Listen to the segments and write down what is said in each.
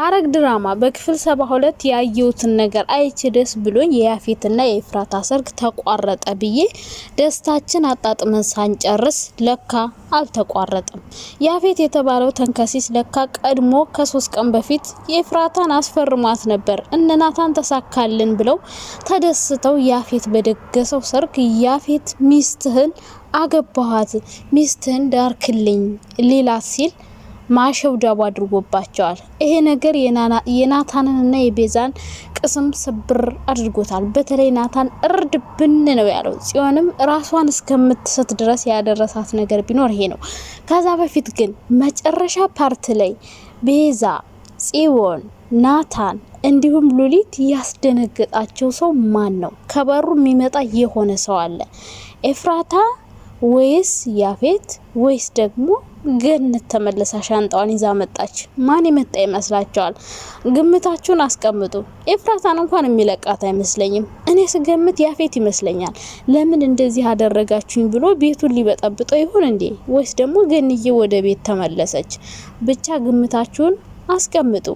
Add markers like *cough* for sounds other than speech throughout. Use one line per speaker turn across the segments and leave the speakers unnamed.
ሐረግ ድራማ በክፍል ሰባ ሁለት ያየሁትን ነገር አይቼ ደስ ብሎኝ የያፌትና የኤፍራታ ሰርግ ተቋረጠ ብዬ ደስታችን አጣጥመን ሳንጨርስ ለካ አልተቋረጠም። ያፌት የተባለው ተንከሲስ ለካ ቀድሞ ከሶስት ቀን በፊት የኤፍራታን አስፈርሟት ነበር። እነናታን ተሳካልን ብለው ተደስተው ያፌት በደገሰው ሰርግ ያፌት ሚስትህን አገባኋት ሚስትህን ዳርክልኝ ሌላ ሲል ማሸው ዳቦ አድርጎባቸዋል። ይሄ ነገር የናታንንና የቤዛን ቅስም ስብር አድርጎታል። በተለይ ናታን እርድ ብን ነው ያለው። ጽዮንም ራሷን እስከምትሰት ድረስ ያደረሳት ነገር ቢኖር ይሄ ነው። ከዛ በፊት ግን መጨረሻ ፓርት ላይ ቤዛ፣ ጽዮን፣ ናታን እንዲሁም ሉሊት ያስደነገጣቸው ሰው ማን ነው? ከበሩ የሚመጣ የሆነ ሰው አለ ኤፍራታ ወይስ ያፌት ወይስ ደግሞ ገነት ተመለሳ ሻንጣዋን ይዛ መጣች? ማን የመጣ ይመስላችኋል? ግምታችሁን አስቀምጡ። ኤፍራታን እንኳን የሚለቃት አይመስለኝም። እኔ ስገምት ያፌት ይመስለኛል። ለምን እንደዚህ አደረጋችሁኝ ብሎ ቤቱን ሊበጠብጠው ይሆን እንዴ? ወይስ ደግሞ ገንዬ ወደ ቤት ተመለሰች? ብቻ ግምታችሁን አስቀምጡ።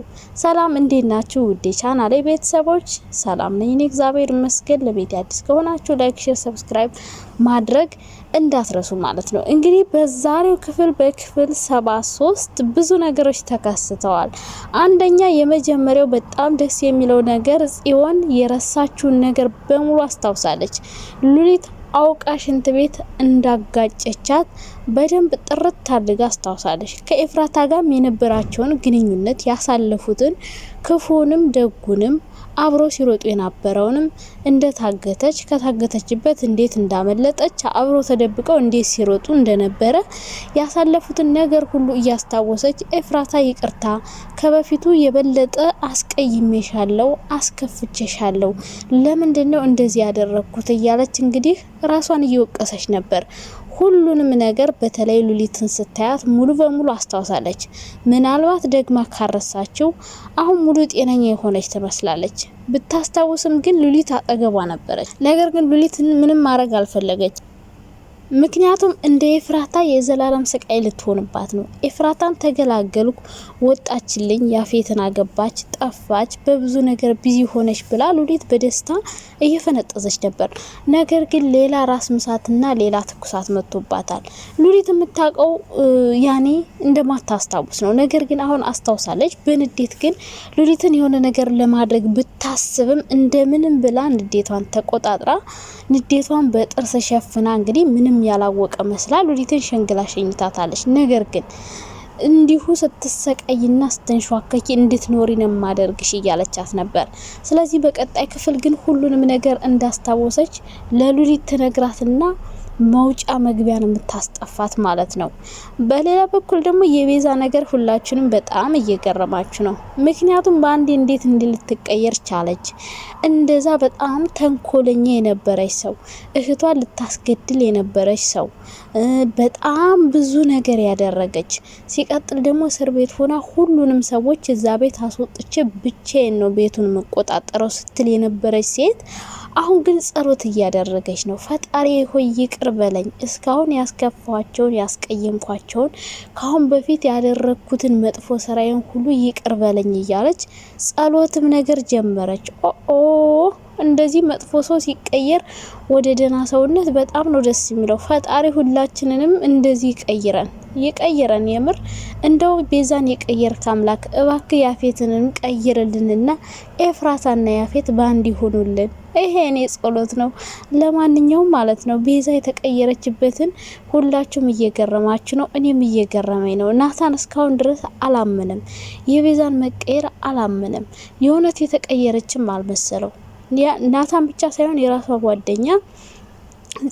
ሰላም እንዴት ናችሁ? ውዴ ቻናሌ ቤተሰቦች ሰላም ነኝ እኔ እግዚአብሔር ይመስገን። ለቤት አዲስ ከሆናችሁ ላይክ፣ ሼር፣ ሰብስክራይብ ማድረግ እንዳትረሱ ማለት ነው። እንግዲህ በዛሬው ክፍል በክፍል ሰባ ሶስት ብዙ ነገሮች ተከስተዋል። አንደኛ የመጀመሪያው በጣም ደስ የሚለው ነገር ጽዮን የረሳችውን ነገር በሙሉ አስታውሳለች ሉሊት አውቃ ሽንት ቤት እንዳጋጨቻት በደንብ ጥርት አድርጋ አስታውሳለች። ከኤፍራታ ጋም የነበራቸውን ግንኙነት ያሳለፉትን ክፉንም ደጉንም አብሮ ሲሮጡ የነበረውንም እንደታገተች ከታገተችበት እንዴት እንዳመለጠች አብሮ ተደብቀው እንዴት ሲሮጡ እንደነበረ ያሳለፉትን ነገር ሁሉ እያስታወሰች ኤፍራታ ይቅርታ፣ ከበፊቱ የበለጠ አስቀይሜሻለው፣ አስከፍቼሻለው፣ ለምንድን ነው እንደዚህ ያደረግኩት እያለች እንግዲህ ራሷን እየወቀሰች ነበር። ሁሉንም ነገር በተለይ ሉሊትን ስታያት ሙሉ በሙሉ አስታውሳለች። ምናልባት ደግማ ካረሳችው አሁን ሙሉ ጤነኛ የሆነች ትመስላለች። ብታስታውስም ግን ሉሊት አጠገቧ ነበረች። ነገር ግን ሉሊት ምንም ማድረግ አልፈለገች። ምክንያቱም እንደ ኤፍራታ የዘላለም ስቃይ ልትሆንባት ነው። ኤፍራታን ተገላገልኩ፣ ወጣችልኝ፣ ያፌትን አገባች፣ ጠፋች፣ በብዙ ነገር ቢዚ ሆነች ብላ ሉሊት በደስታ እየፈነጠዘች ነበር። ነገር ግን ሌላ ራስ ምሳትና ሌላ ትኩሳት መጥቶባታል። ሉሊት የምታውቀው ያኔ እንደማታስታውስ ነው። ነገር ግን አሁን አስታውሳለች። በንዴት ግን ሉሊትን የሆነ ነገር ለማድረግ ብታስብም እንደምንም ብላ ንዴቷን ተቆጣጥራ ንዴቷን በጥርስ ሸፍና እንግዲህ ምንም ምንም ያላወቀ መስላ ሉሊትን ሸንግላ ሸኝታታለች። ነገር ግን እንዲሁ ስትሰቃይና ስትንሿከኪ እንድትኖሪ ነው የማደርግሽ እያለቻት ነበር። ስለዚህ በቀጣይ ክፍል ግን ሁሉንም ነገር እንዳስታወሰች ለሉሊት ትነግራትና መውጫ መግቢያን የምታስጠፋት ማለት ነው። በሌላ በኩል ደግሞ የቤዛ ነገር ሁላችንም በጣም እየገረማችሁ ነው። ምክንያቱም በአንዴ እንዴት እንዲ ልትቀየር ቻለች? እንደዛ በጣም ተንኮለኛ የነበረች ሰው፣ እህቷን ልታስገድል የነበረች ሰው፣ በጣም ብዙ ነገር ያደረገች ሲቀጥል ደግሞ እስር ቤት ሆና ሁሉንም ሰዎች እዛ ቤት አስወጥቼ ብቻዬን ነው ቤቱን መቆጣጠረው ስትል የነበረች ሴት አሁን ግን ጸሎት እያደረገች ነው። ፈጣሪ ሆይ ይቅር በለኝ፣ እስካሁን ያስከፋቸውን ያስቀየምኳቸውን፣ ካሁን በፊት ያደረግኩትን መጥፎ ስራዬን ሁሉ ይቅር በለኝ እያለች ጸሎትም ነገር ጀመረች። ኦ እንደዚህ መጥፎ ሰው ሲቀየር ወደ ደህና ሰውነት በጣም ነው ደስ የሚለው። ፈጣሪ ሁላችንንም እንደዚህ ይቀይረን ይቀይረን። የምር እንደው ቤዛን የቀየርክ አምላክ እባክ ያፌትንም ቀይርልንና ኤፍራታና ያፌት ባንድ ይሆኑልን። ይሄ እኔ ጸሎት ነው። ለማንኛውም ማለት ነው ቤዛ የተቀየረችበትን ሁላችሁም እየገረማችሁ ነው፣ እኔም እየገረመኝ ነው። ናታን እስካሁን ድረስ አላመነም፣ የቤዛን መቀየር አላመነም። የእውነት የተቀየረችም አልመሰለው። ናታን ብቻ ሳይሆን የራሷ ጓደኛ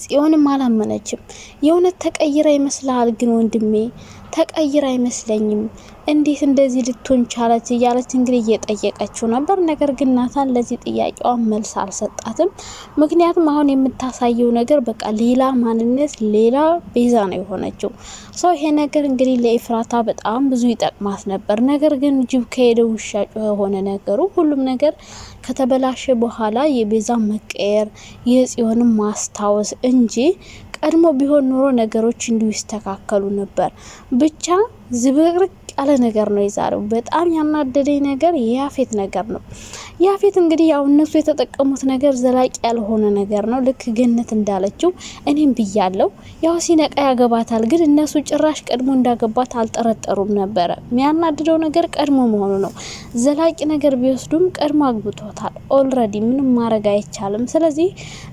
ጽዮንም አላመነችም። የእውነት ተቀይራ ይመስልሃል ግን ወንድሜ ተቀይር አይመስለኝም፣ እንዴት እንደዚህ ልትሆን ቻለች እያለች እንግዲህ እየጠየቀችው ነበር። ነገር ግን ናታን ለዚህ ጥያቄዋ መልስ አልሰጣትም። ምክንያቱም አሁን የምታሳየው ነገር በቃ ሌላ ማንነት፣ ሌላ ቤዛ ነው የሆነችው ሰው። ይሄ ነገር እንግዲህ ለኤፍራታ በጣም ብዙ ይጠቅማት ነበር። ነገር ግን ጅብ ከሄደ ውሻ ጮኸ የሆነ ነገሩ ሁሉም ነገር ከተበላሸ በኋላ የቤዛ መቀየር የጽዮንም ማስታወስ እንጂ ቀድሞ ቢሆን ኖሮ ነገሮች እንዲሁ ይስተካከሉ ነበር። ብቻ ዝብርቅ የተቃለ ነገር ነው የዛሬው። በጣም ያናደደኝ ነገር የያፌት ነገር ነው። ያፌት እንግዲህ ያው እነሱ የተጠቀሙት ነገር ዘላቂ ያልሆነ ነገር ነው። ልክ ገነት እንዳለችው እኔም ብያለሁ። ያው ሲነቃ ያገባታል፣ ግን እነሱ ጭራሽ ቀድሞ እንዳገባት አልጠረጠሩም ነበረ። የሚያናድደው ነገር ቀድሞ መሆኑ ነው። ዘላቂ ነገር ቢወስዱም ቀድሞ አግብቶታል። ኦልረዲ ምንም ማድረግ አይቻልም። ስለዚህ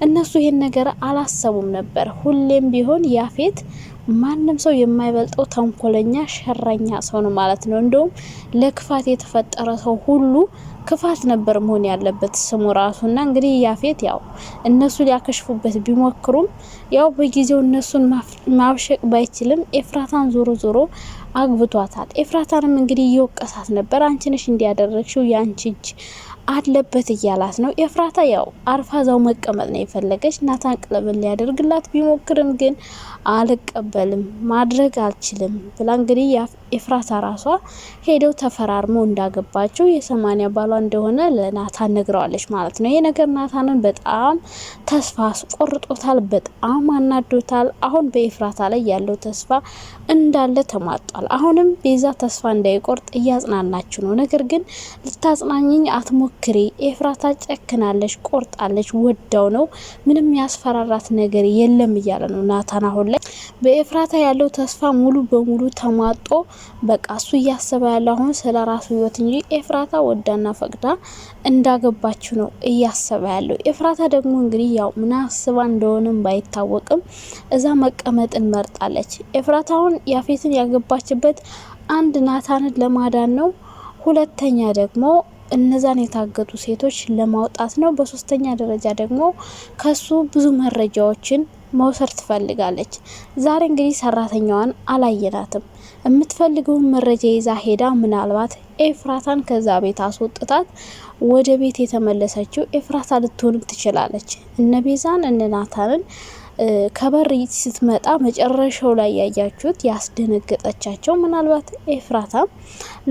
እነሱ ይሄን ነገር አላሰቡም ነበር። ሁሌም ቢሆን ያፌት ማንም ሰው የማይበልጠው ተንኮለኛ ሸረኛ ሰው ነው ማለት ነው። እንደውም ለክፋት የተፈጠረ ሰው ሁሉ ክፋት ነበር መሆን ያለበት ስሙ እና እንግዲህ ያፌት ያው እነሱ ሊያከሽፉበት ቢሞክሩም ያው በጊዜው እነሱን ማብሸቅ ባይችልም ኤፍራታን ዞሮ ዞሮ አግብቷታል። ኤፍራታንም እንግዲህ እየወቀሳት ነበር። አንቺ ነሽ እንዲያደረግሽው የአንቺ እጅ አለበት እያላት ነው። ኤፍራታ ያው አርፋ ዛው መቀመጥ ነው የፈለገች። ናታን ቀለበት ሊያደርግላት ቢሞክርም ግን አልቀበልም ማድረግ አልችልም ብላ እንግዲህ ኤፍራታ ራሷ ሄደው ተፈራርመው እንዳገባቸው የሰማኒያ ባሏ እንደሆነ ለናታን ነግረዋለች ማለት ነው። ይሄ ነገር ናታንን በጣም ተስፋ አስቆርጦታል፣ በጣም አናዶታል። አሁን በኤፍራታ ላይ ያለው ተስፋ እንዳለ ተሟጧል። አሁንም ቤዛ ተስፋ እንዳይቆርጥ እያጽናናችሁ ነው። ነገር ግን ልታጽናኝኝ አትሞክ ሞክሪ። ኤፍራታ ጨክናለች፣ ቆርጣለች፣ ወዳው ነው ምንም ያስፈራራት ነገር የለም እያለ ነው ናታን አሁን ላይ በኤፍራታ ያለው ተስፋ ሙሉ በሙሉ ተሟጦ በቃ እሱ እያሰበ ያለው አሁን ስለ ራሱ ህይወት እንጂ ኤፍራታ ወዳና ፈቅዳ እንዳገባችው ነው እያሰበ ያለው። ኤፍራታ ደግሞ እንግዲህ ያው ምን አስባ እንደሆነም ባይታወቅም እዛ መቀመጥን መርጣለች። ኤፍራታውን ያፌትን ያገባችበት አንድ ናታንን ለማዳን ነው። ሁለተኛ ደግሞ እነዛን የታገቱ ሴቶች ለማውጣት ነው። በሶስተኛ ደረጃ ደግሞ ከሱ ብዙ መረጃዎችን መውሰድ ትፈልጋለች። ዛሬ እንግዲህ ሰራተኛዋን አላየናትም። የምትፈልገውን መረጃ ይዛ ሄዳ ምናልባት ኤፍራታን ከዛ ቤት አስወጥታት ወደ ቤት የተመለሰችው ኤፍራታ ልትሆንም ትችላለች። እነ ቤዛን እነ ናታንን ከበር ስትመጣ መጨረሻው ላይ ያያችሁት ያስደነገጠቻቸው ምናልባት ኤፍራታ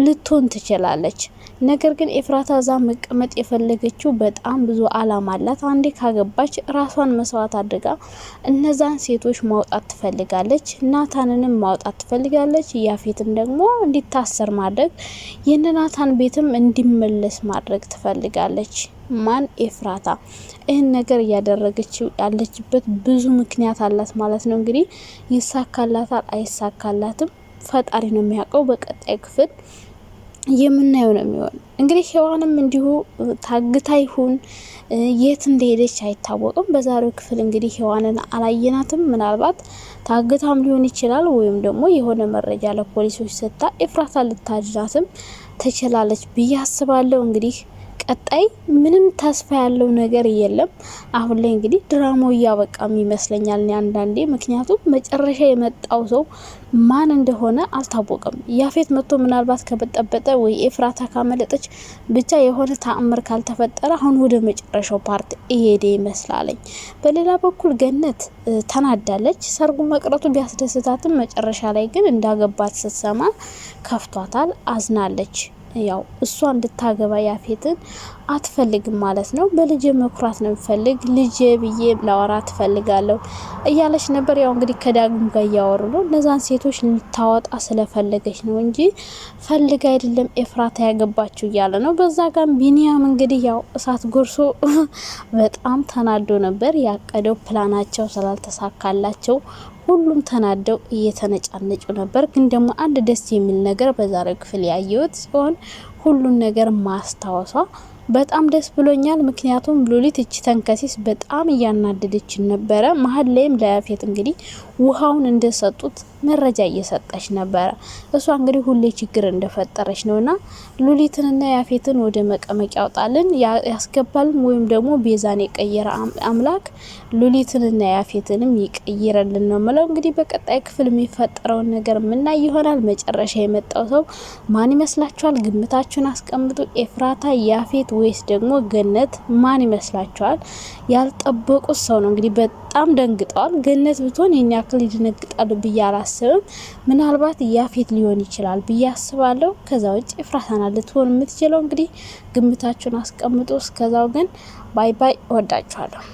ልትሆን ትችላለች። ነገር ግን ኤፍራታ እዛ መቀመጥ የፈለገችው በጣም ብዙ አላማ አላት። አንዴ ካገባች ራሷን መስዋዕት አድርጋ እነዛን ሴቶች ማውጣት ትፈልጋለች። ናታንንም ማውጣት ትፈልጋለች። ያፌትም ደግሞ እንዲታሰር ማድረግ፣ የእነ ናታን ቤትም እንዲመለስ ማድረግ ትፈልጋለች። ማን ኤፍራታ ይህን ነገር እያደረገችው ያለችበት ብዙ ምክንያት አላት ማለት ነው። እንግዲህ ይሳካላታል አይሳካላትም ፈጣሪ ነው የሚያውቀው። በቀጣይ ክፍል የምናየው ነው የሚሆን። እንግዲህ ሔዋንም እንዲሁ ታግታ ይሁን የት እንደሄደች አይታወቅም። በዛሬው ክፍል እንግዲህ ሔዋንን አላየናትም። ምናልባት ታግታም ሊሆን ይችላል ወይም ደግሞ የሆነ መረጃ ለፖሊሶች ሰጥታ ኤፍራታ ልታድናትም ትችላለች ብዬ አስባለሁ እንግዲህ ቀጣይ ምንም ተስፋ ያለው ነገር የለም። አሁን ላይ እንግዲህ ድራማው እያበቃም ይመስለኛል አንዳንዴ። ምክንያቱም መጨረሻ የመጣው ሰው ማን እንደሆነ አልታወቀም። ያፌት መጥቶ ምናልባት ከበጠበጠ ወይ ኤፍራታ ካመለጠች ብቻ የሆነ ተአምር ካልተፈጠረ አሁን ወደ መጨረሻው ፓርት እሄደ ይመስላለኝ። በሌላ በኩል ገነት ተናዳለች። ሰርጉ መቅረቱ ቢያስደስታትም መጨረሻ ላይ ግን እንዳገባት ስትሰማ ከፍቷታል፣ አዝናለች። ያው እሷ እንድታገባ ያፌትን አትፈልግም ማለት ነው። በልጅ መኩራት ነው የምፈልግ ልጅ ብዬ ላወራ ትፈልጋለሁ እያለች ነበር። ያው እንግዲህ ከዳግም ጋር እያወሩ ነው። እነዛን ሴቶች ልታወጣ ስለፈለገች ነው እንጂ ፈልግ አይደለም ኤፍራታ ያገባችው እያለ ነው። በዛ ጋም ቢኒያም እንግዲህ ያው እሳት ጎርሶ *laughs* በጣም ተናዶ ነበር። ያቀደው ፕላናቸው ስላልተሳካላቸው ሁሉም ተናደው እየተነጫነጩ ነበር። ግን ደግሞ አንድ ደስ የሚል ነገር በዛሬው ክፍል ያየሁት ሲሆን ሁሉን ነገር ማስታወሷ በጣም ደስ ብሎኛል። ምክንያቱም ሉሊት እቺ ተንከሲስ በጣም እያናደደችን ነበረ። መሀል ላይም ለያፌት እንግዲህ ውሃውን እንደሰጡት መረጃ እየሰጠች ነበረ። እሷ እንግዲህ ሁሌ ችግር እንደፈጠረች ነውና ሉሊትንና ያፌትን ወደ መቀመቅ ያውጣልን ያስገባልን፣ ወይም ደግሞ ቤዛን የቀየረ አምላክ ሉሊትንና ያፌትንም ይቀይረልን ነው ምለው። እንግዲህ በቀጣይ ክፍል የሚፈጠረውን ነገር የምናይ ይሆናል። መጨረሻ የመጣው ሰው ማን ይመስላችኋል? ግምታችሁን አስቀምጡ። ኤፍራታ፣ ያፌት ወይስ ደግሞ ገነት ማን ይመስላችኋል? ያልጠበቁት ሰው ነው እንግዲህ በጣም ደንግጠዋል። ገነት ብትሆን ይህን ያክል ይደነግጣሉ ብዬ አላስብም። ምናልባት ያፌት ሊሆን ይችላል ብዬ አስባለሁ። ከዛ ውጭ ፍራሳና ልትሆን የምትችለው እንግዲህ ግምታችሁን አስቀምጡ። እስከዛው ግን ባይ ባይ። እወዳችኋለሁ።